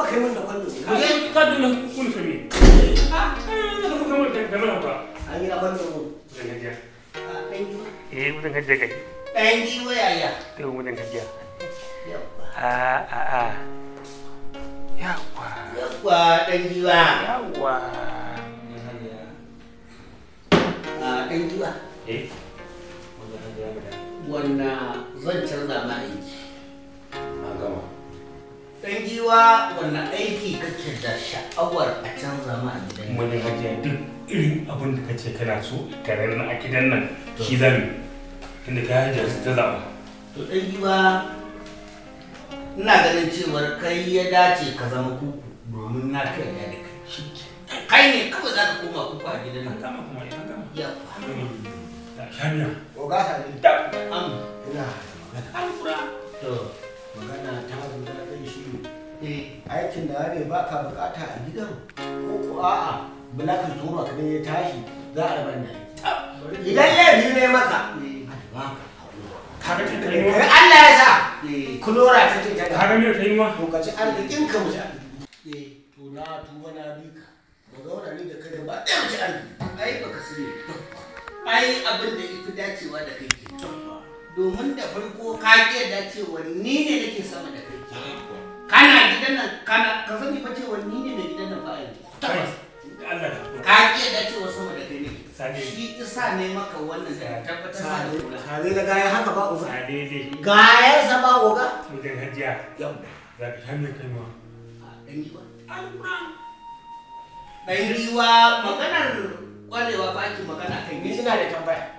kuma kai mun da kwallo mu je ka dinga kun eh, ka mi a eh, kai da kuka mun da mana ba an yi abin mu da gajiya eh mun da gajiya kai dan ji wayaya to mun da gajiya a a a yawa yawa dan jiwa yawa a dan jiwa eh wanda zan canza ma aiki dan giwa wannan aiki kake da sha'awar a canza ma a gidan mu Wani duk irin abin da kace kana so a gidan nan shi zami inda ka hajiya ta zama to dan giwa ina ganin cewar kai ya dace ka zama kuku domin na kai ya da kai kai ne kawai za ka koma kuku a gidan nan kama kuma ya kama ya kama ya kama ya kama ya kama ya magana ta guda ɗin shi ne eh, aikin da ne ba ka bukata a gidan ko ko a'a bulakin tura ka ya tashi za a rabar da idan laifi ne maka a ba ka kaga ta kai ma Allah ya sa kulora ta ce ta kaga ne ta yi ma to kaci arzikin ka mu eh, to na tuba na bi ka mu zauna ni da ka da ba ɗaya mu ci arziki ai baka sani ai abin da fi dacewa da kai domin da farko ka da cewa ni ne nake sama da kai kana gidan nan kana ka sani fa cewa ni ne na gidan nan ba tabbas ka da cewa sama da kai ne shi isa ne maka wannan da tabbatar da ne da gaya haka ba uga sare dai gaya sa ba uga mutum hajiya yau za ka shan kai ma dan alquran dan giwa maganar kwarewa ba ki magana kai ni ina da tambaya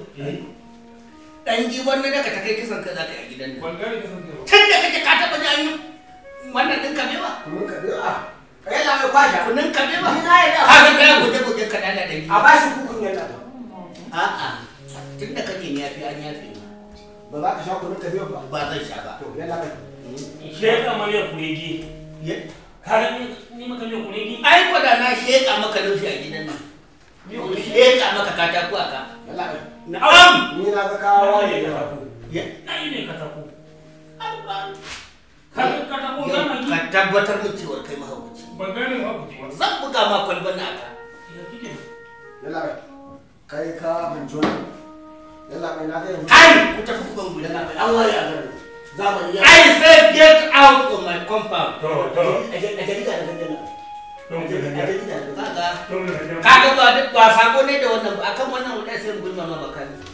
in giwon na daga ta kai kisan kai za ka yi gidan nan. Tun da kake ka taɓa jami wannan ɗin kabewa. Kunun kabewa. Ah. Kai la mai kwasha. Kunun kabewa. Ina ya da. Ka ga ka dana da A ba shi kukun ya da. A'a. Tun da kake ne an yafi. Ba za ka sha kunun kabewa ba. Ba zan sha ba. To ya la mai. Hmm. Sheka maliya kuregi. ni maka miya kuregi. Ai kwada na sheka maka nufi a gidan nan. Sheka maka katako a ka. na'am ni na ga kawo ne katako ya dai ne katako Allah ka katako kana ki ka tabbatar min cewa kai mahaukaci ban gane mahaukaci ba zan buga ma kwalban na ka ya kike yalla kai ka hanjo yalla mai na ga yanzu ku tafi ku ban gudan na Allah ya gani zamani ya I said get out of my compound to to a ga ga ga kaga ba duk ba sako ne da wannan akan wannan wadai sai gulma ma bakan